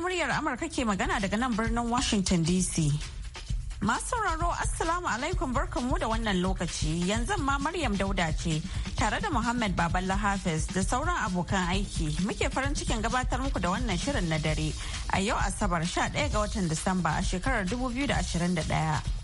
muryar Amurka ke magana daga nan birnin Washington DC. Masu sauraro Assalamu alaikum barkanmu da wannan lokaci yanzu ma Maryam Dauda ce tare da Muhammad Baballa Hafiz da sauran abokan aiki muke farin cikin gabatar muku da wannan shirin na dare a yau Asabar 11 ga watan Disamba a shekarar 2021.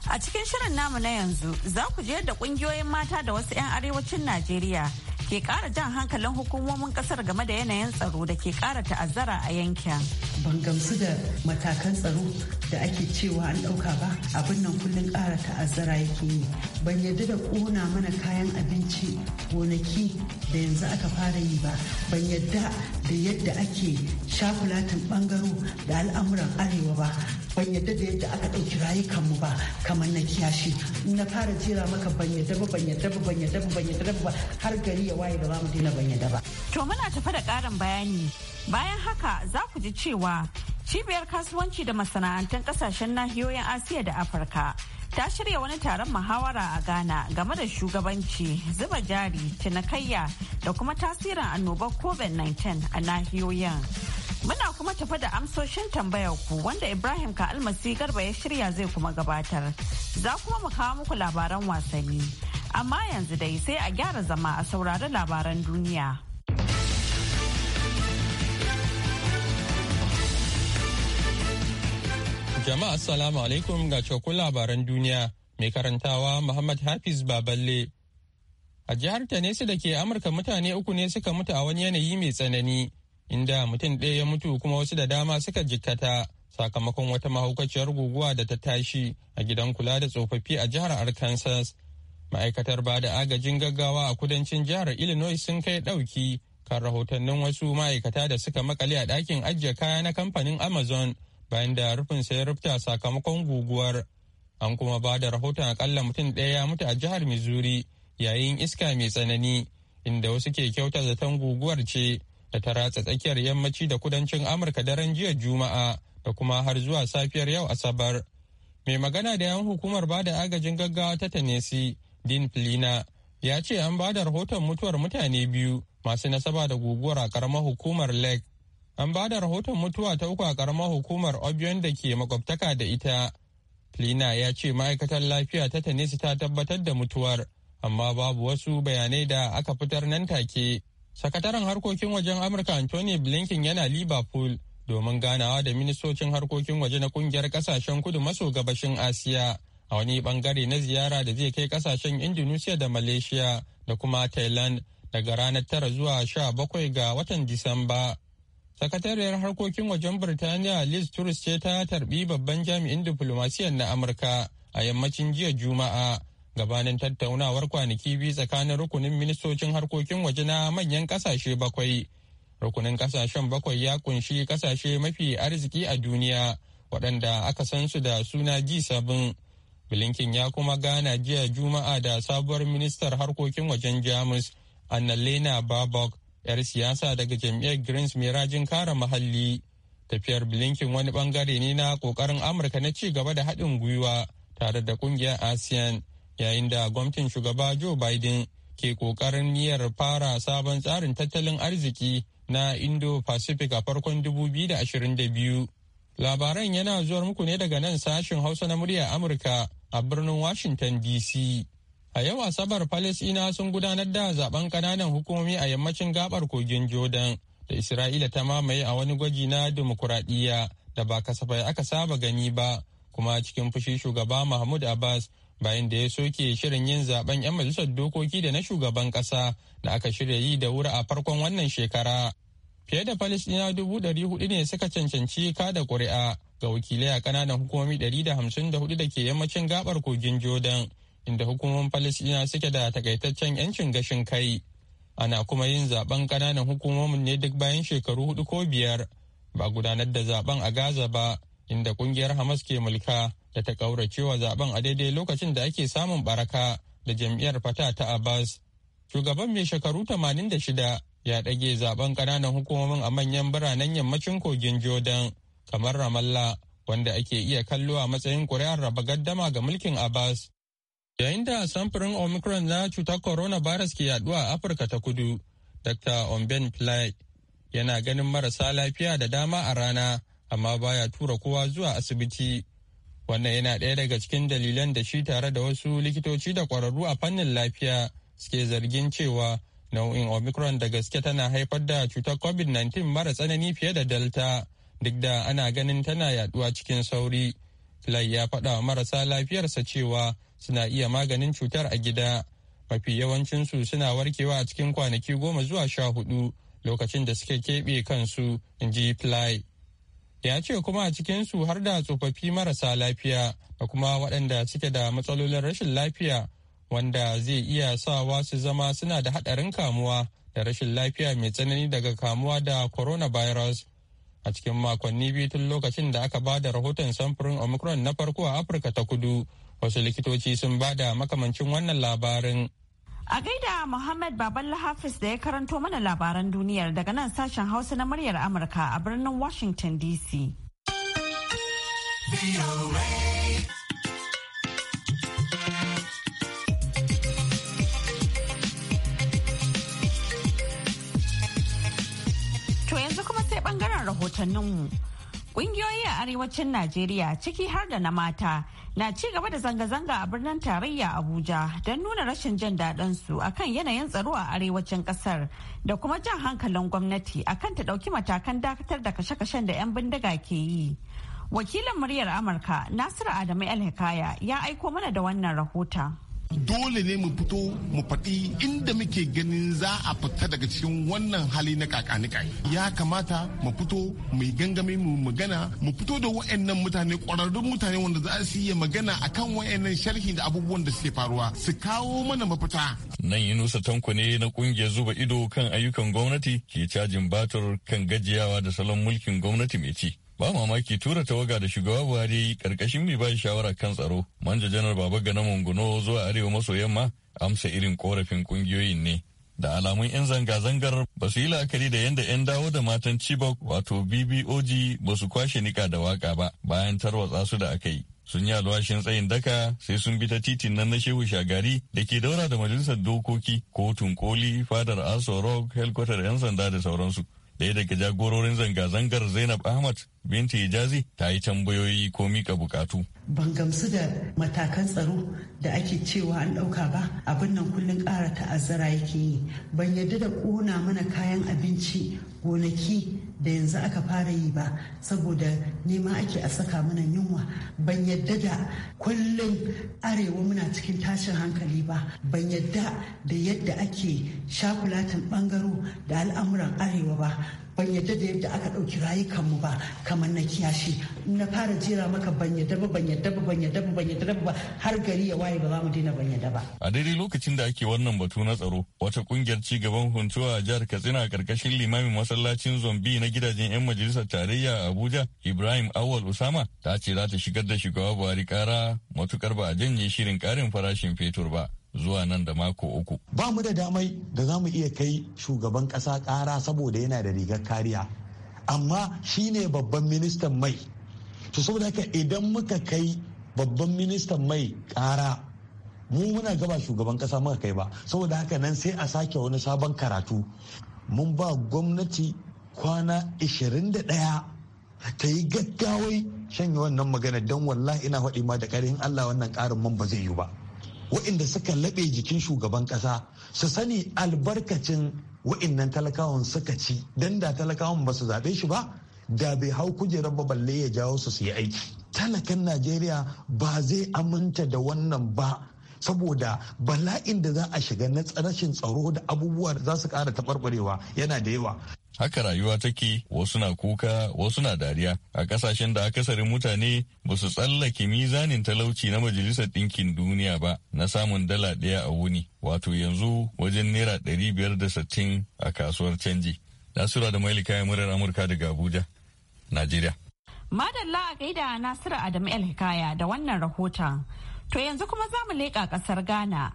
A cikin shirin namu na yanzu za ku je da kungiyoyin mata da wasu 'yan arewacin Najeriya ke kara jan hankalin hukumomin kasar game da yanayin tsaro da ke kara ta'azzara a yankin. Ban gamsu da matakan tsaro da ake cewa an ɗauka ba abin nan kullum kara ta'azzara yake yi. Ban yarda da ƙona mana kayan abinci gonaki da yanzu aka fara yi ba. Ban yarda da yadda ake shakulatin ɓangaro da al'amuran arewa ba. ban yadda da yadda aka ɗauki rayukan mu ba kamar na kiyashi na fara jira maka ban yadda ba ban yadda ba ban yadda ba ban yadda ba har gari ya waye da mu daina ban yadda ba. To muna tafa da ƙarin bayani bayan haka za ku ji cewa cibiyar kasuwanci da masana'antun kasashen nahiyoyin Asiya da Afirka ta shirya wani taron muhawara a Ghana game da shugabanci, zuba jari, cinikayya da kuma tasirin annobar COVID-19 a nahiyoyin. Muna kuma tafa da amsoshin tambayar ku wanda Ibrahim ka almasi garba ya shirya zai kuma gabatar. Za kuma mu kawo muku labaran wasanni. Amma yanzu dai sai a gyara zama a saurari labaran duniya. Jama'a Assalamu alaikum ga cokun labaran duniya mai karantawa Muhammad Hafiz Baballe. A jihar su da ke Amurka mutane uku ne suka mutu a wani yanayi mai tsanani inda mutum ɗaya ya mutu kuma wasu da dama suka jikkata sakamakon wata mahaukaciyar guguwa da ta tashi a gidan kula da tsofaffi a jihar Arkansas. Ma'aikatar ba da agajin gaggawa a kudancin jihar Illinois sun kai ɗauki kan rahotannin wasu ma'aikata da suka makale a ɗakin ajiye kaya na kamfanin Amazon bayan da rufin sai rufta sakamakon guguwar an kuma ba da rahoton akalla mutum ɗaya ya mutu a jihar missouri yayin iska mai tsanani inda wasu ke kyauta zaton guguwar ce da ta ratsa tsakiyar yammaci da kudancin amurka daren jiya juma'a da kuma har zuwa safiyar yau asabar mai magana da yan hukumar ba da agajin gaggawa ta tanesi din plina ya ce an ba da rahoton mutuwar mutane biyu masu nasaba da guguwar a karamar hukumar lake An ba da rahoton mutuwa ta uku a karamar hukumar Obion da ke makwabtaka da ita. Plina ya ce ma'aikatar lafiya ta Tanisi ta tabbatar da mutuwar, amma babu wasu bayanai da aka fitar nan take. Sakataren harkokin wajen Amurka Anthony Blinken yana Liverpool domin ganawa da ministocin harkokin waje na kungiyar kasashen kudu maso gabashin Asiya a wani bangare na ziyara da zai kai kasashen Indonesia da Malaysia da kuma Thailand daga ranar tara zuwa sha bakwai ga watan Disamba. Sakatariyar harkokin wajen Birtaniya Liz Truss ce ta tarbi babban jami'in diplomasiyan na Amurka a yammacin jiya Juma'a gabanin tattaunawar kwanaki biyu tsakanin rukunin ministocin harkokin waje na manyan kasashe bakwai. Rukunin kasashen bakwai ya kunshi kasashe mafi arziki a duniya waɗanda aka san su da suna G7. Blinken ya kuma gana jiya Juma'a da sabuwar ministar harkokin wajen Jamus Annalena Babok. 'yar siyasa daga jam'iyyar greens mai rajin kare muhalli tafiyar blinken wani bangare ne na kokarin amurka na ci gaba da haɗin gwiwa tare da kungiyar asean yayin da gwamnatin shugaba joe biden ke kokarin niyyar fara sabon tsarin tattalin arziki na indo-pacific a farkon 2022 labaran yana zuwar muku ne daga nan sashen hausa na murya amurka a birnin washington dc A yau Asabar Falasina sun gudanar da zaben ƙananan hukumomi a yammacin gabar kogin Jordan da Isra'ila ta mamaye a wani gwaji na dimokuraɗiyya da ba kasafai aka saba gani ba kuma cikin fushi shugaba Mahmud Abbas bayan da ya soke shirin yin zaben 'yan majalisar dokoki da na shugaban ƙasa da aka shirya yi da wuri a farkon wannan shekara. Fiye da Falasina dubu ɗari hudu ne suka cancanci kada ƙuri'a ga wakilai a ƙananan hukumomi ɗari da hamsin da hudu da ke yammacin gabar kogin Jordan. inda hukumomin Falasɗina suke da takaitaccen 'yancin gashin kai. Ana kuma yin zaben ƙananan hukumomin ne duk bayan shekaru hudu ko biyar. Ba gudanar da zaben a Gaza ba, inda ƙungiyar Hamas ke mulka da ta ƙauracewa zaben a daidai lokacin da ake samun baraka da jam'iyyar fata ta Abbas. Shugaban mai shekaru 86 ya ɗage zaben ƙananan hukumomin a manyan biranen yammacin kogin Jordan kamar Ramallah wanda ake iya kallo a matsayin ƙuri'ar raba gaddama ga mulkin Abbas. Yayin da samfurin Omicron na cutar coronavirus ke yaduwa a Afirka ta kudu, Dr. Omben Fly, yana ganin marasa lafiya da dama a rana, amma baya tura kowa zuwa asibiti. Wannan yana ɗaya daga cikin dalilan da shi tare da wasu likitoci da ƙwararru a fannin lafiya suke zargin cewa nau'in Omicron da gaske tana haifar da cutar COVID-19 mara tsanani fiye da Delta, duk da ana ganin tana yaduwa cikin sauri. Lai ya faɗa wa marasa lafiyarsa cewa suna iya maganin cutar a gida. Mafi yawancinsu suna warkewa a cikin kwanaki goma zuwa sha hudu lokacin da suke keɓe kansu, in ji fly. Ya ce kuma a cikinsu har da tsofaffi marasa lafiya da kuma waɗanda suke da matsalolin rashin lafiya wanda zai iya sawa su zama suna da haɗarin kamuwa da rashin lafiya mai tsanani daga kamuwa da coronavirus a cikin makonni biyu tun lokacin da aka ba da rahoton samfurin omicron na farko a afirka ta kudu wasu likitoci sun ba da makamancin wannan labarin a gaida muhammad baballa hafiz da ya karanto mana labaran duniyar daga nan sashen hausa na muryar amurka a birnin washington dc bangaren rahotanninmu Ƙungiyoyi a arewacin Najeriya ciki har da na mata na ci gaba da zanga-zanga a birnin tarayya Abuja don nuna rashin jin daɗin su akan yanayin tsaro a arewacin ƙasar da kuma jan hankalin gwamnati akan ta ɗauki matakan dakatar da kashe-kashen da 'yan bindiga ke yi. Wakilin muryar Amurka Nasiru Adamu El ya aiko mana da wannan rahota. dole ne mu fito mu faɗi inda muke ganin za a fita daga cikin wannan hali na kakanikai ya kamata mu fito mu yi gangami mu magana mu fito da wa'annan mutane ƙwararrun mutane wanda za su yi magana akan wa'annan sharhi da abubuwan da suke faruwa su kawo mana mafita nan nusa tanko ne na kungiyar zuba ido kan ayyukan gwamnati ke cajin batar kan gajiyawa da salon mulkin gwamnati mai ci ba mamaki tura tawaga da shugaba buhari karkashin mai ba shawara kan tsaro manja janar baba gana munguno zuwa arewa maso yamma amsa irin korafin kungiyoyin ne da alamun 'yan zanga-zangar ba su yi la'akari da yadda 'yan dawo da matan chibok wato bbog ba su kwashe nika da waka ba bayan tarwatsa su da aka yi sun yi alwashin tsayin daka sai sun bi ta titin nan na shehu shagari da ke daura da majalisar dokoki kotun koli fadar aso rock helkwatar 'yan sanda da sauransu Ɗaya daga jagororin zanga-zangar Zainab Ahmad Binta ijazi ta yi tambayoyi ko mika bukatu. Ban gamsu da matakan tsaro da ake cewa an ɗauka ba abin nan kullum ƙara ta'azzara yake yi. Ban yarda da ƙona mana kayan abinci gonaki da yanzu aka fara yi ba saboda nema ake a saka mana yunwa ban yadda da kullum arewa muna cikin tashin hankali ba ban yadda da yadda ake shakulatin bangaro da al'amuran arewa ba ban yadda da yadda aka ɗauki rayukanmu ba kamar na kiyashi na fara jera maka ban yadda ba ban yadda ba ban yadda ba ban yadda ba har gari ya waye ba za mu daina ban yadda ba. A daidai lokacin da ake wannan batu na tsaro wata kungiyar ci gaban huntuwa a jihar Katsina a karkashin limamin masallacin zombi na gidajen 'yan majalisar tarayya a Abuja Ibrahim Awal Usama ta ce za ta shigar da shugaba Buhari kara matukar ba a janye shirin karin farashin fetur ba. zuwa nan da mako uku. Ba mu da damai da za mu iya kai shugaban ƙasa ƙara saboda yana da rigar kariya. Amma shi ne babban ministan mai. To saboda haka idan muka kai babban ministan mai ƙara mu muna gaba shugaban ƙasa muka kai ba. Saboda haka nan sai a sake wani sabon karatu. Mun ba gwamnati kwana 21 ta yi gaggawai shanye wannan magana don wallahi ina faɗi ma da ƙarfin Allah wannan ƙarin man ba zai yi ba. waɗanda suka laɓe jikin shugaban ƙasa su sani albarkacin waɗannan talakawan suka ci don da talakawan ba su zaɓe shi ba da bai hau kujerar ba balle ya jawo su su yi aiki talakan najeriya ba zai aminta da wannan ba saboda bala'in da za a shiga na rashin tsaro da abubuwa za su ƙara taɓarɓarewa yana da yawa. Haka rayuwa take wasu na kuka wasu na dariya a kasashen da akasarin mutane ba su tsallake mizanin talauci na Majalisar Ɗinkin Duniya ba na samun dala ɗaya a wuni wato yanzu wajen naira ɗari biyar da sittin a kasuwar canji. Nasura da Maili kayan murar Amurka daga Abuja, Najeriya. Madalla a gaida Nasiru Adamu El da wannan rahoton. To yanzu kuma za mu leƙa ƙasar Ghana.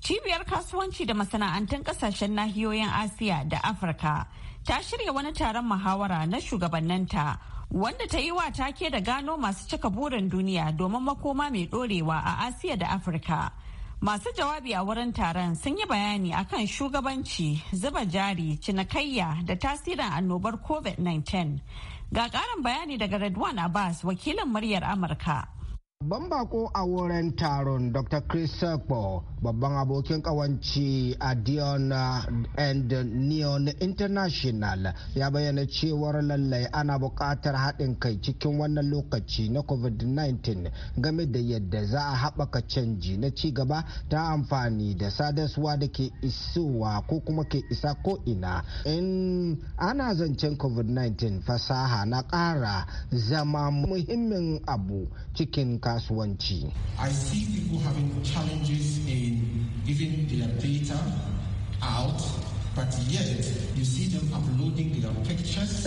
Cibiyar kasuwanci da masana'antun ƙasashen nahiyoyin Asiya da Afirka ta shirya wani taron muhawara na shugabanninta wanda ta yi wa take da gano masu cika burin duniya domin makoma mai ɗorewa a Asiya da Afirka. Masu jawabi a wurin taron sun yi bayani akan shugabanci, zuba jari, cinikayya da tasirin annobar COVID-19. Ga ƙarin bayani daga Redwan Abbas, wakilin muryar Amurka. Babban bako a wurin taron Dr. Chris Sekpo babban abokin kawanci a Dion and Neon International ya bayyana cewar lallai ana buƙatar haɗin kai cikin wannan lokaci na COVID-19 game da yadda za a haɓaka canji na ci gaba ta amfani da sadarwa da ke isowa ko kuma ke isa ko'ina. In ana zancen COVID-19 fasaha na ƙara zama muhimmin abu cikin ka kasuwanci. I see people having challenges in giving their data out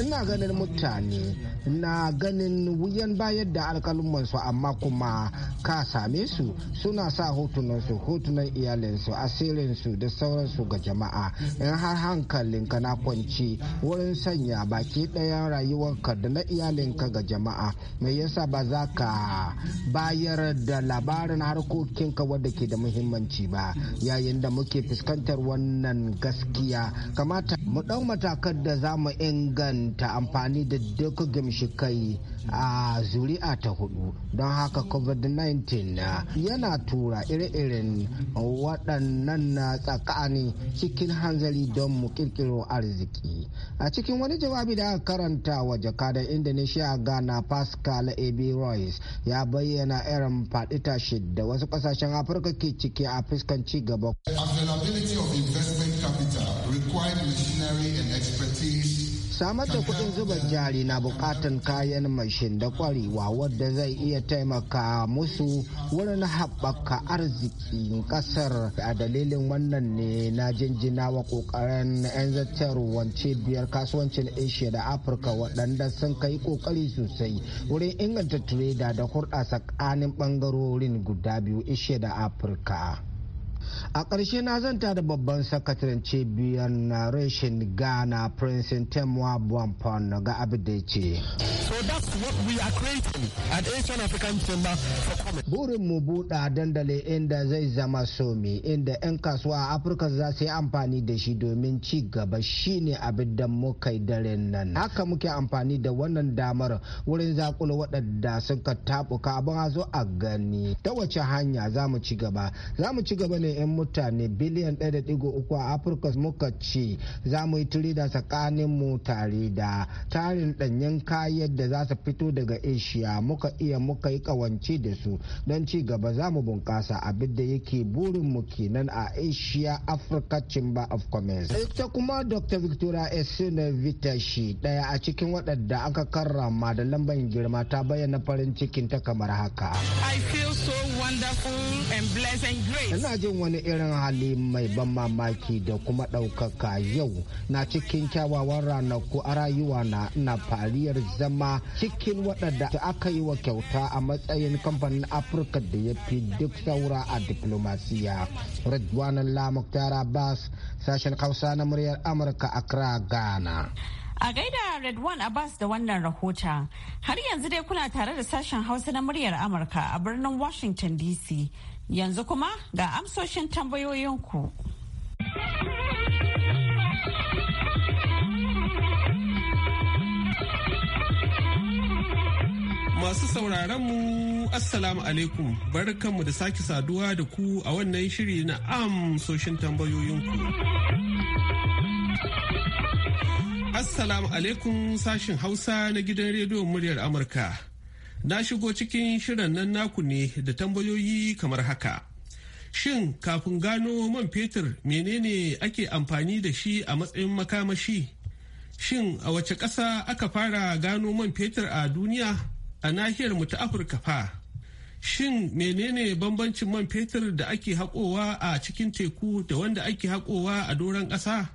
Ina ganin mutane na ganin wuyan bayar da alkalummansu amma kuma ka same su suna sa hotunansu hotunan iyalinsu asirinsu da sauransu ga jama'a in har hankalin ka na kwanci wurin sanya baki ɗayan rayuwarka da na iyalinka ga jama'a mai yasa ba za ka bayar da labarin harkokinka wadda ke da muhimmanci ba yayin da muke fuskantar wannan gaskiya gaskiya kamata mu ɗau matakan da za mu inganta amfani da duk kai a zuri'a ta hudu don haka covid-19 yana tura ire-iren waɗannan na tsakani cikin hanzari don mu kirkiro arziki a cikin wani jawabi da aka karanta wa jakadan indonesia ghana pascal ab royce ya bayyana irin faɗi tashi da wasu ƙasashen afirka ke ciki a fuskan ci gaba. availability of investment capital samar da kudin zuba jari na bukatan kayan mashin da kwarewa wadda zai iya taimaka musu wurin haɓaka arzikin ƙasar a dalilin wannan ne na jinjina wa ƙoƙarin 'yan zattarwar cibiyar kasuwancin asia da afirka waɗanda sun kai ƙoƙari sosai wurin inganta tireda da hurɗa tsakanin ɓangarorin guda biyu asia da afirka a ƙarshe na zanta da babban sakataren cibiyar na reshen ghana prince temwa buwan ga abu da ya ce So that's what we are creating an Asian African Chamber for Commerce. Burin mu buɗa dandali inda zai zama somi inda 'yan kasuwa a Afirka za su yi amfani da shi domin ci gaba shi ne abin da muka yi daren nan. Haka muke amfani da wannan damar wurin zakula waɗanda suka tabuka abin a zo a gani. Ta wace hanya za mu ci gaba? Za mu ci gaba ne 'yan mutane biliyan 1.3 a Afirka muka ci za mu yi turi da mu tare da tarin ɗanyen kayan da da za su fito daga asia muka iya muka yi kawance da su don ci gaba za mu bunƙasa abin da yake mu kenan a asia africa chamber of commerce ita kuma dr victoria esina vitashi daya a cikin waɗanda aka karrama da lambar girma ta bayyana farin cikin ta kamar haka i feel so wonderful and blessed and great ina jin wani irin hali mai ban mamaki da kuma ɗaukaka yau na cikin kyawawan ranaku a rayuwa na na fariyar zama cikin waɗanda aka yi wa kyauta a matsayin kamfanin afirka da ya fi duk saura a diplomasiya lamuk tara bas sashen hausa na muryar amurka accra ghana A gaida a bas da wannan rahota, har yanzu dai kuna tare da sashen Hausa na muryar Amurka a birnin Washington DC. Yanzu kuma ga amsoshin tambayoyinku. Masu sauraron mu Assalamu alaikum barkanmu da sake saduwa da ku a wannan shiri na amsoshin tambayoyinku. Assalamu alaikum sashin Hausa na gidan rediyon muryar Amurka. Na shigo cikin shirin nan naku ne da tambayoyi kamar haka. Shin kafin gano man fetur menene ake amfani da shi a matsayin makamashi? Shin a wace ƙasa aka fara gano man fetur a duniya? a nahiyar mu ta afirka fa shin menene bambancin man fetur da ake haƙowa a cikin teku da wanda ake haƙowa a doron ƙasa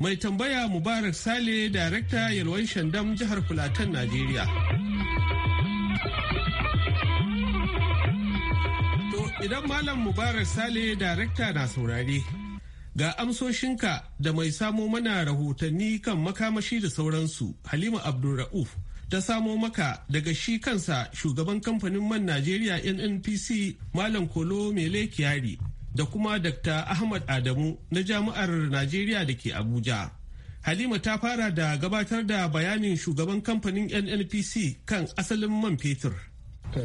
mai tambaya mubarak sale darekta yalwan shandam jihar fulatan najeriya idan malam mubarak sale darakta na saurare ga amsoshinka da mai samo mana rahotanni kan makamashi da sauransu halima abdulra'uf ta samo maka daga shi kansa shugaban kamfanin man Najeriya NNPC Malam Kolo Mele Kiyari da kuma Dr. Ahmad Adamu na Jami'ar Najeriya da ke Abuja. Halima ta fara da gabatar da bayanin shugaban kamfanin NNPC kan asalin man fetur.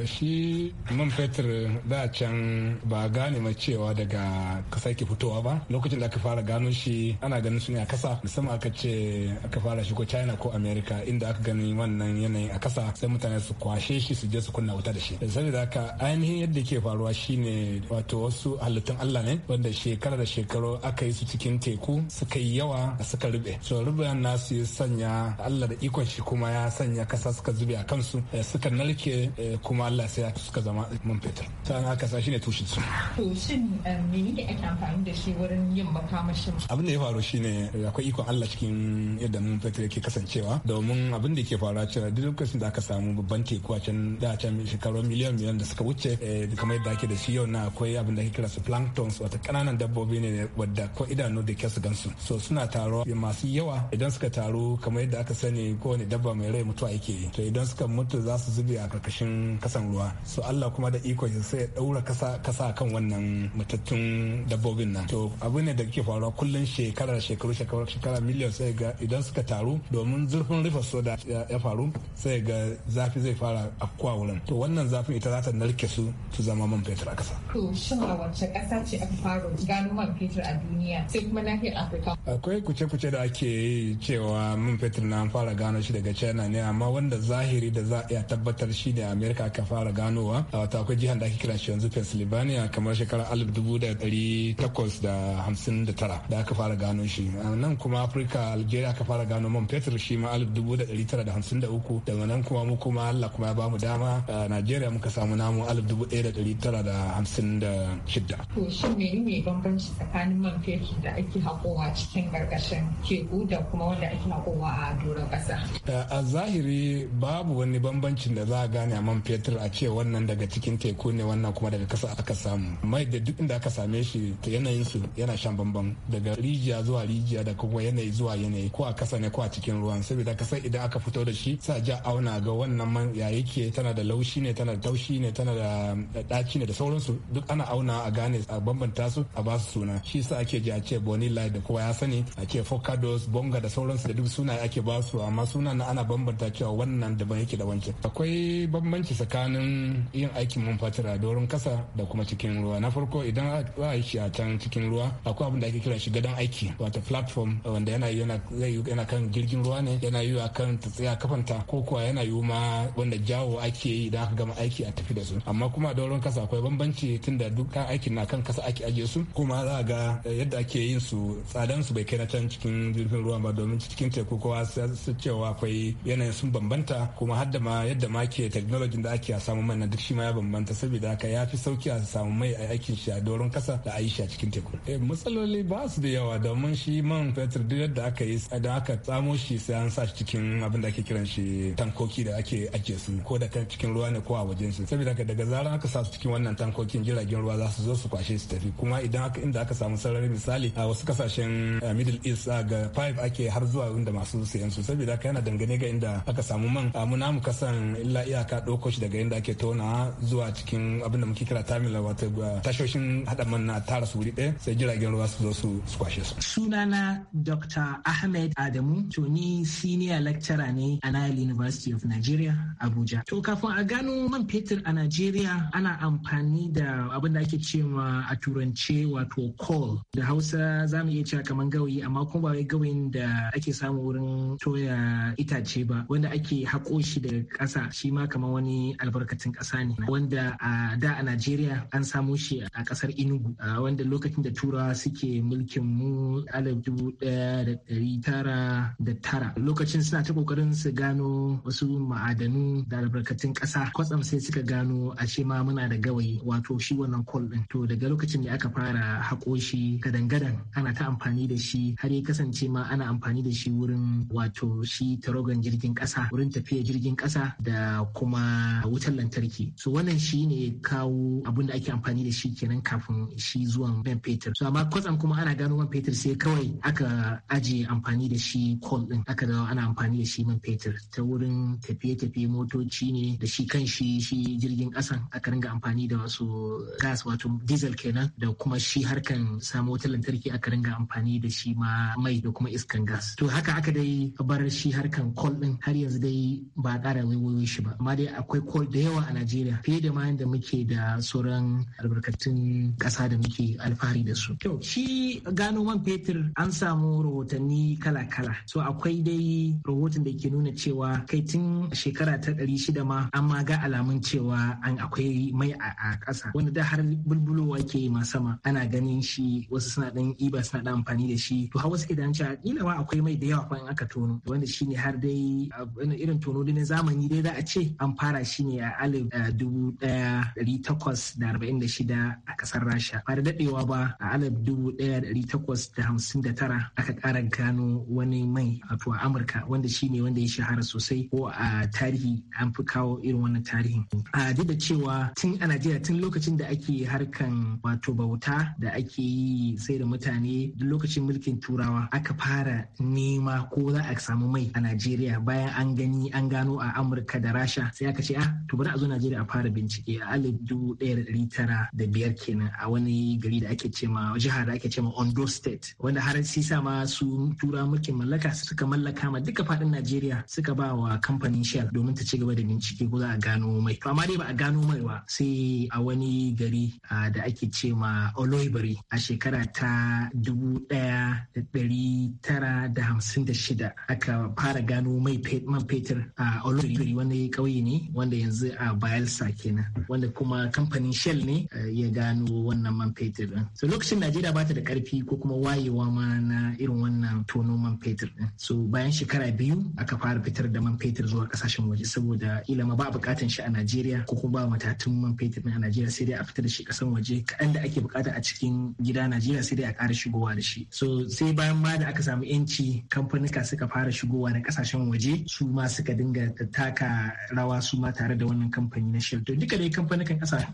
shi man fetur da can ba gane ma cewa daga kasa yake fitowa ba lokacin da aka fara gano shi ana ganin su ne a kasa musamman aka ce aka fara shi ko china ko america inda aka gani wannan yanayin a kasa sai mutane su kwashe shi su je su kunna wuta da shi da saboda haka ainihin yadda ke faruwa shine wato wasu halittun allah ne wanda shekara da shekaru aka yi su cikin teku suka yi yawa suka rube so ruben nasu ya sanya allah da ikon shi kuma ya sanya kasa suka zube a kansu eh, suka narke eh, kuma kuma Allah sai suka zama man fetur sannan aka sa shi ne tushen su to shin eh, menene ake amfani da shi wurin yin makamashin abin da ya faru shine akwai ikon Allah cikin yadda man fetur yake kasancewa domin abin da ke faruwa cewa duk lokacin da aka samu babban teku a can da can shekarun miliyan miliyan da suka wuce eh, kamar yadda ake da shi yau na akwai abin da ake kira su planktons wata kananan dabbobi ne wadda ko idanu da ke su gansu so suna taro masu yawa idan suka taro kamar yadda aka sani kowane dabba mai rai mutuwa yake yi to idan suka mutu za su zube a karkashin kasan ruwa su Allah kuma da iko ya sai daura kasa kasa kan wannan matattun dabbobin nan to abu ne da ke faruwa kullun shekara shekaru shekara shekara miliyan sai ga idan suka taru domin zurfin rufe soda ya faru sai ga zafi zai fara afkuwa wurin to wannan zafin ita za ta narke su su zama man fetur a kasa to shin a wacce kasa ce aka fara gano man fetur a duniya sai kuma nahiyar Afirka akwai kuce-kuce da ake cewa man fetur na fara gano shi daga China ne amma wanda zahiri da za a iya tabbatar shi ne Amerika aka fara ganowa a wata akwai jihar da ake kiran shi yanzu pennsylvania kamar shekarar alif dubu da dari takwas da hamsin da tara da aka fara gano shi nan kuma afirka algeria aka fara gano man petrol shi ma alif dubu da dari tara da hamsin da uku daga nan kuma mu kuma allah kuma ya bamu dama a nigeria muka samu namu alif dubu ɗaya da dari tara da hamsin da shidda. to shin menene bambanci tsakanin man fetur da ake haƙowa cikin ƙarƙashin teku da kuma wanda ake haƙowa a doron ƙasa. a zahiri babu wani bambancin da za a gane a man fetur fetur a ce wannan daga cikin teku ne wannan kuma daga kasa aka samu mai da duk inda aka same shi ta yanayin su yana shan bambam daga rijiya zuwa rijiya da kuma yanayi zuwa yanayi ko a kasa ne ko a cikin ruwan saboda kasa idan aka fito da shi sa ja auna ga wannan man ya yake tana da laushi ne tana da taushi ne tana da daci ne da sauransu duk ana auna a gane a bambanta su a basu suna shi sa ake ji a ce bonilla da kowa ya sani a ce focados bonga da sauransu da duk suna ake basu amma suna na ana bambanta cewa wannan daban yake da wancan akwai bambanci tsakanin tsakanin yin aikin man a doron kasa da kuma cikin ruwa na farko idan za a shi a can cikin ruwa akwai abin da ake kira shi gadon aiki wata platform wanda yana yana kan jirgin ruwa ne yana yi a kan tsaya kafanta ko kuwa yana yi ma wanda jawo ake yi idan aka gama aiki a tafi da su amma kuma doron kasa akwai bambanci tun tunda dukkan aikin na kan kasa ake ajiye su kuma za a ga yadda ake yin su tsadan su bai kai na can cikin jirgin ruwa ba domin cikin teku kowa su cewa akwai yanayin sun bambanta kuma har da ma yadda ma ke technology da ake a samu mai na duk shi ma ya bambanta saboda haka ya fi sauki a samu mai a aikin shi a doron kasa da a shi a cikin teku eh, matsaloli ba su da yawa domin shi man fetur duk yadda aka yi da aka tsamo shi sai an sa shi cikin abin da ake kiran shi tankoki da ake ajiye su ko da cikin ruwa ne ko a wajen su saboda haka daga zaran aka sa su cikin wannan tankokin jiragen ruwa za su zo su kwashe su tafi kuma idan aka inda aka samu sarari misali a wasu kasashen eh, middle east ga five ake har zuwa inda masu sayan su saboda haka yana dangane ga inda aka samu man mu namu kasan illa iyaka ɗauko shi daga inda ake tona zuwa cikin abin da muke kira terminal wata uh, tashoshin haɗa na tara su wuri ɗaya sai jiragen ruwa su zo su kwashe su. Sunana Dr. Ahmed Adamu to ni senior lecturer ne a Nile University of Nigeria Abuja. To kafin a gano man fetur a Nigeria ana amfani da abin da ake cewa a turance wato coal da Hausa za mu iya cewa kamar gawayi amma kuma ba wai gawayin da ake samu wurin toya itace ba wanda ake haƙo shi daga ƙasa shi ma kamar wani albarkatun ƙasa ne wanda a da a Najeriya an samo shi a ƙasar Enugu wanda lokacin da Turawa suke mulkin mu alif dubu ɗaya da ɗari tara da tara lokacin suna ta ƙoƙarin su gano wasu ma'adanu da albarkatun ƙasa kwatsam sai suka gano a ce ma muna da gawayi wato shi wannan kol ɗin to daga lokacin da aka fara haƙo shi gadan-gadan ana ta amfani da shi har ya kasance ma ana amfani da shi wurin wato shi tarogan jirgin ƙasa wurin tafiya jirgin ƙasa da kuma wutar lantarki so wannan shi ne kawo abin da ake amfani da shi kenan kafin shi zuwan man fetur so amma kwatsam kuma ana gano man fetur sai kawai aka ajiye amfani da shi coal din aka dawo ana amfani da shi man fetur ta wurin tafiye-tafiye motoci ne da shi kan shi shi jirgin kasan aka ringa amfani da wasu gas wato diesel kenan da kuma shi harkan samu wutar lantarki aka ringa amfani da shi ma mai da kuma iskan gas to haka aka dai bar shi harkan coal din har yanzu dai ba a ƙara waiwayo shi ba amma dai akwai coal da yawa a Najeriya fiye da ma da muke da sauran albarkatun ƙasa da muke alfahari da su. To shi gano man fetur an samu rahotanni kala-kala. So akwai dai rahoton da ke nuna cewa kai tun shekara ta ɗari shida ma an ma ga alamun cewa an akwai mai a ƙasa wanda da har bulbulowa ke ma sama ana ganin shi wasu suna ɗan iba suna ɗan amfani da shi. To hawa suke da an cewa akwai mai da yawa kwan aka tono wanda shine har dai irin tono na zamani dai za a ce an fara shi ne a alif eh, dubu da arba'in da a kasar rasha ba da dadewa ba a alif dubu da hamsin aka kara gano wani mai wato a amurka wanda shine wanda ya shahara sosai ko a tarihi an fi kawo irin wani tarihin a duk da cewa tun a najeriya tun lokacin da ake harkan wato bauta da ake yi sai da mutane duk lokacin mulkin turawa aka fara nema ko za a samu mai a najeriya bayan an gani an gano a amurka da rasha sai aka ce ah to bari a zo Najeriya a fara bincike a alif dubu ɗaya da tara da biyar kenan a wani gari da ake cema jihar da ake cema Ondo State wanda har sa ma su tura mulkin mallaka suka mallaka ma duka faɗin Najeriya suka ba wa kamfanin Shell domin ta ci gaba da bincike ko za a gano mai to amma dai ba a gano mai ba sai a wani gari da ake cema Oloibiri a shekara ta dubu ɗaya da ɗari tara da hamsin da shida aka fara gano mai man fetur a Oloibiri wani ƙauye ne wanda yanzu a Bayelsa kenan wanda kuma kamfanin Shell ne eh, ya gano wannan man fetur din. So lokacin Najeriya bata da karfi ko kuma wayewa ma na irin wannan tono man fetur din. So bayan shekara biyu aka fara fitar da man fetur zuwa kasashen waje saboda ilama ba bukatan shi a Najeriya ko kuma ba matatun man fetur din a Najeriya sai dai a fitar da shi kasan waje kaɗan da ake bukata a cikin gida Najeriya sai dai a ƙara shigowa da shi. So sai bayan ma da aka samu 'yanci kamfanin suka fara shigowa na kasashen waje su ma suka dinga taka rawa su ma tare tare da wannan kamfani na shell to duka dai kamfanin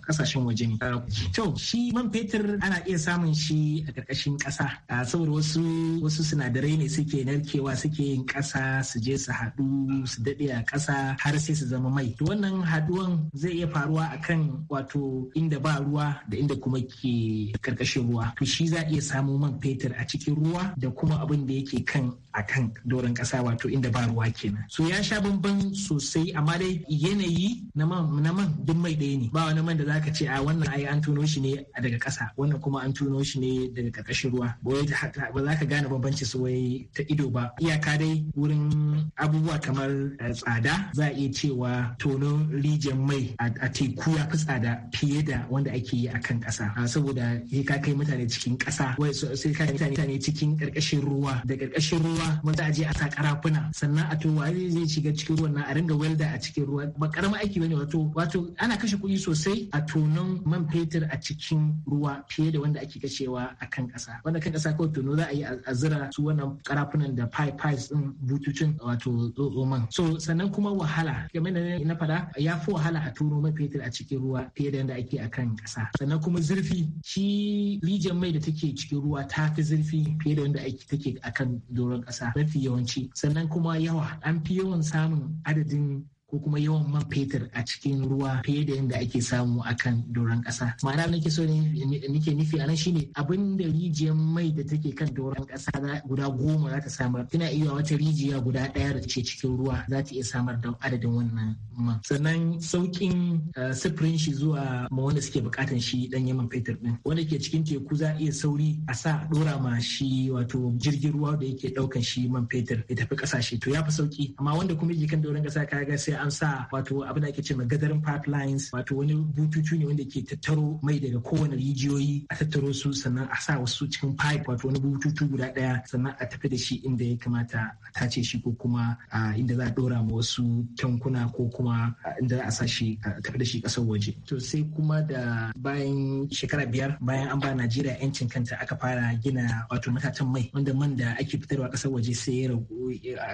kasashen waje ne ah, to shi man fetur ana iya samun shi a karkashin kasa ah, saboda wasu wasu sinadarai ne suke narkewa suke yin kasa su je su haɗu su daɗe a kasa har sai su zama mai to wannan haɗuwan zai iya faruwa akan wato inda ba ruwa da inda kuma ke karkashin ruwa to shi za iya samo man fetur a cikin ruwa da kuma abin da yake kan akan doron kasa wato inda ba ruwa kenan so ya sha bamban sosai amma dai yanayi kuɗi na man na man duk mai ɗaya ne ba wani man da zaka ce a wannan ai an tono shi ne daga ƙasa wannan kuma an tono shi ne daga ƙarƙashin ruwa ba za ka gane bambanci su wai ta ido ba iyaka dai wurin abubuwa kamar eh, tsada za a iya cewa tono rijiyar mai a teku ya fi tsada fiye da wanda ake yi a kan ƙasa ah, saboda sai ka kai mutane cikin ƙasa sai ka kai mutane cikin ƙarƙashin ruwa da ƙarƙashin ruwa mun za a je a sa karafuna sannan a to zai shiga cikin ruwan na a ringa welda a cikin ruwa zama aiki bane wato wato ana kashe kuɗi sosai a tonon man fetur a cikin ruwa fiye da wanda ake kashewa a kan ƙasa wanda kan ƙasa kawai tono za a yi a zira su wannan karafunan da pipe pipes din bututun wato tsotsoman man so sannan kuma wahala game da na fada ya fi wahala a tono man fetur a cikin ruwa fiye da yanda ake a kan ƙasa sannan kuma zurfi shi rijiyar mai da take cikin ruwa ta fi zurfi fiye da wanda ake take a kan doron ƙasa mafi yawanci sannan kuma yawa an fi yawan samun adadin ko kuma yawan man fetur a cikin ruwa fiye da yadda ake samu a kan doron ƙasa ma'ana nake so ne nake nufi a nan shine abin da rijiyar mai da take kan doron ƙasa guda goma za ta samar tana iya wata rijiya guda ɗaya da ce cikin ruwa za ta iya samar da adadin wannan man sannan sauƙin eh, sifirin shi zuwa ma wanda suke buƙatan shi ɗan yaman fetur ɗin wanda ke cikin teku za iya sauri a sa ɗora ma shi wato jirgin ruwa da yake ɗaukan shi man fetur ya tafi ƙasashe to ya fi sauƙi amma wanda kuma yake kan doron ƙasa kaga sai an sa wato abin da ake ce gadarin pipelines wato wani bututu ne wanda ke tattaro mai daga kowane rijiyoyi a tattaro su sannan a sa wasu cikin pipe wato wani bututu guda daya sannan a tafi da shi inda ya kamata a tace shi ko kuma inda za a dora ma wasu tankuna ko kuma inda za a sa shi a tafi da shi kasar waje to sai kuma da bayan shekara biyar bayan an ba Najeriya yancin kanta aka fara gina wato matatan mai wanda man da ake fitarwa kasar waje sai ya ragu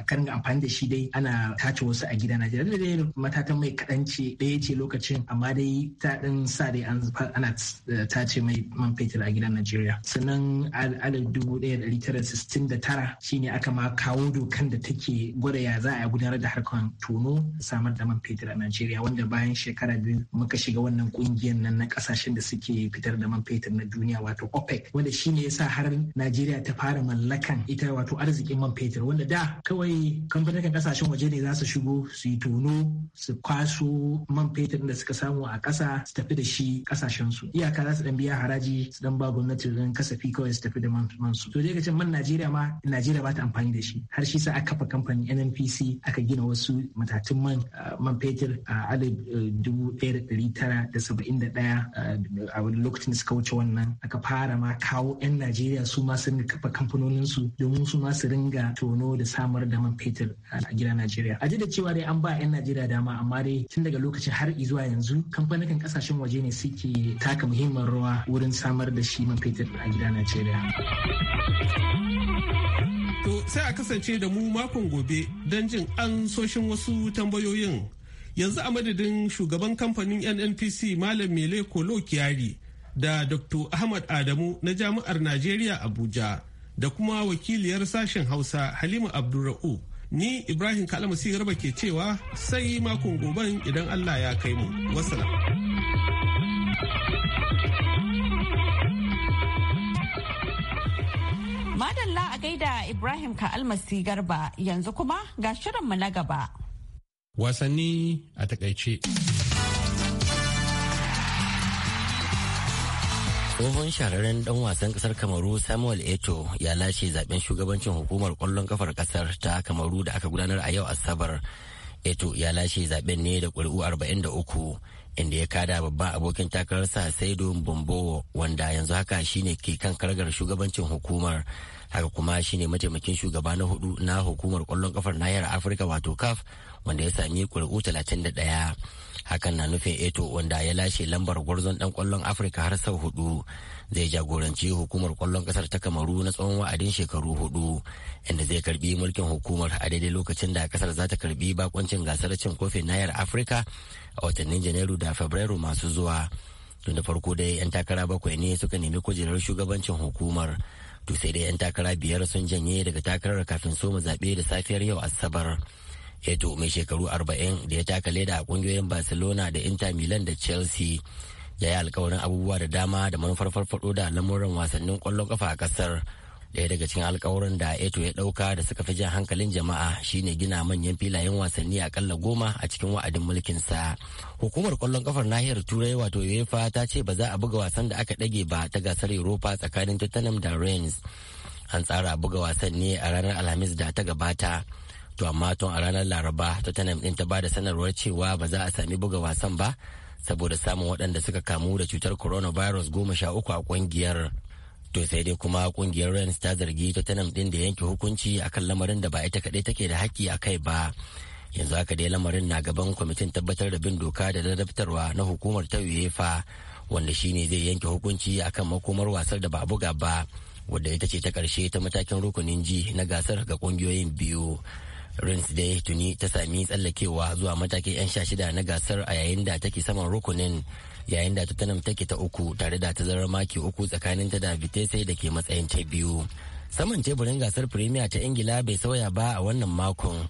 kan amfani da shi dai ana tace wasu a gida Najeriya da dai matatan mai kaɗanci daya ce lokacin amma dai ta ɗin sa dai ana tace mai man fetur a gidan Najeriya. Sannan alif dubu ɗaya ɗari tara da tara shine aka ma kawo dokan da take gwada ya za a gudanar da harkar tono samar da man fetur a Najeriya wanda bayan shekara biyu muka shiga wannan kungiyar nan na kasashen da suke fitar da man fetur na duniya wato OPEC wanda shine yasa har Najeriya ta fara mallakan ita wato arzikin man fetur wanda da kawai kamfanin kasashen waje ne za su shigo su yi tono hannu su kwaso man fetur da suka samu a ƙasa su tafi da shi ƙasashen su iyaka za su dan biya haraji su dan ba gwamnati don kasafi kawai su tafi da man su to daga can man Najeriya ma Najeriya ba ta amfani da shi har shi sa aka kafa kamfani NNPC aka gina wasu matatun man man fetur a alif eh, dubu da saba'in da ɗaya a wani lokacin suka wuce wannan aka fara ma kawo 'yan Najeriya su ma su kafa su domin su ma su ringa tono da samar da man fetur a gidan Najeriya. A da cewa dai an ba 'yan Najeriya dama amma dai tun daga lokaci har zuwa yanzu kamfanin kasashen waje ne suke taka muhimmin rawa wurin samar da shi man fetur a gida Najeriya. To sai a kasance da mu makon gobe don jin an soshin wasu tambayoyin. Yanzu a madadin shugaban kamfanin NNPC Malam Mele Kolo Kiyari da Dr. Ahmad Adamu na Jami'ar Najeriya Abuja da kuma wakiliyar sashen Hausa Halima Abdulra'u Ni Ibrahim Kalamasi Garba ke cewa sai makon gobe, idan Allah ya kai mu. Wassalam. Madalla a gaida Ibrahim Ka'almasi Garba yanzu kuma ga shirinmu na gaba. Wasanni a takaice. Tsohon shahararren dan wasan kasar Kamaru Samuel Eto ya lashe zaben shugabancin hukumar kwallon kafar kasar ta Kamaru da aka gudanar a yau Asabar. Eto ya lashe zaben ne da ƙuri'u 43 inda ya kada babban abokin takararsa Saido Bombowo wanda yanzu haka shine ke kan kargar shugabancin hukumar. haka kuma shine mataimakin shugaba na hudu na hukumar kwallon kafar nahiyar afirka wato caf wanda ya sami kuri'u 31 hakan na nufin eto wanda ya lashe lambar gwarzon dan kwallon afirka har sau hudu zai jagoranci hukumar kwallon kasar ta kamaru na tsawon wa'adin shekaru hudu inda zai karbi mulkin hukumar a daidai lokacin da kasar za ta karbi bakoncin gasar cin kofin nahiyar afirka a watannin janairu da fabrairu masu zuwa tun da farko dai 'yan takara bakwai ne suka nemi kujerar shugabancin hukumar to sai dai 'yan takara biyar sun janye daga takarar kafin soma zaɓe da safiyar yau asabar eto eh mai shekaru 40 da ya taka leda a kungiyoyin barcelona da inter milan da chelsea ya yi alkawarin abubuwa da dama da manufar farfado da lamuran wasannin kwallon ƙafa a ƙasar. daya daga cikin alkawuran da eto ya dauka da suka fi jan hankalin jama'a shine gina manyan filayen wasanni akalla goma a cikin wa'adin mulkin sa hukumar kwallon kafar nahiyar turai wato uefa ta ce ba za a buga wasan da aka dage ba ta gasar europa tsakanin tottenham da rennes an tsara buga wasan ne a ranar alhamis da ta gabata to amma tun a ranar laraba tottenham din ta ba da sanarwar cewa ba za a sami buga wasan ba saboda samun waɗanda suka kamu da cutar coronavirus goma sha uku a ƙungiyar to sai dai kuma kungiyar rens ta zargi tottenham din da yanke hukunci akan lamarin da ba ita kaɗai take da haƙƙi a kai ba yanzu haka dai lamarin na gaban kwamitin tabbatar da bin doka da ladabtarwa na hukumar ta uefa wanda shine zai yanke hukunci akan makomar wasar da ba buga ba wadda ita ce ta karshe ta matakin rukunin ji na gasar ga kungiyoyin biyu Rins dai tuni ta sami tsallakewa zuwa matakin 'yan sha shida na gasar a yayin da take saman rukunin yayin da tottenham take ta uku tare da tazarar maki uku tsakanin ta da vitesse da ke matsayin ta biyu saman teburin gasar premier ta ingila bai sauya ba a wannan makon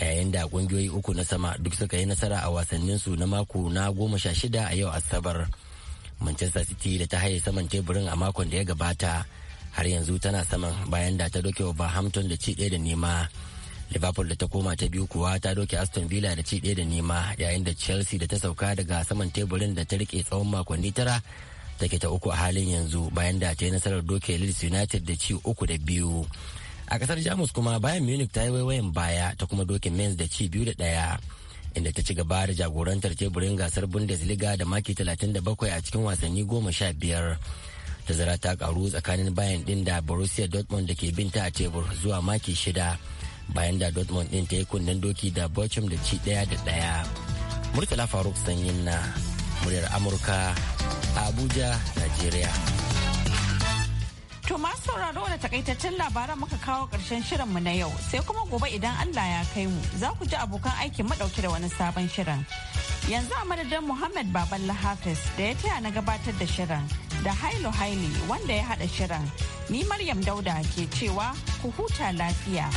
a yayin da kungiyoyi uku na sama duk suka yi nasara a wasannin su na mako na goma sha shida a yau asabar manchester city da ta haye saman teburin a makon da ya gabata har yanzu tana saman bayan da ta doke wa Hampton da ci ɗaya da nema liverpool da ta koma ta biyu kuwa ta doke aston villa da ci ɗaya da nema yayin da chelsea da ta sauka daga saman teburin da ta rike tsawon makonni tara ta ke ta uku a halin yanzu bayan da ta yi nasarar doke leeds united da ci uku da biyu a kasar jamus kuma bayan munich ta yi waiwayen baya ta kuma doke mainz da ci biyu da ɗaya inda ta ci gaba da jagorantar teburin gasar bundesliga da maki 37 a cikin wasanni 15 sha biyar tazara ta karu tsakanin bayan din da borussia dortmund da ke binta a tebur zuwa maki shida bayan da dortmund din ta yi kunnen doki da bochum da ci daya da daya murtala faruk sanyin na muryar amurka abuja nigeria To masu sauraro da takaitaccen labaran muka kawo karshen shirinmu na yau sai kuma gobe idan Allah ya kai mu za ku ji abokan aikin madauki da wani sabon shirin. Yanzu a madadin Muhammad baban lahafis da ya taya na gabatar da shirin da Hailu Haili wanda ya hada shirin. Ni Maryam Dauda ke cewa ku huta lafiya.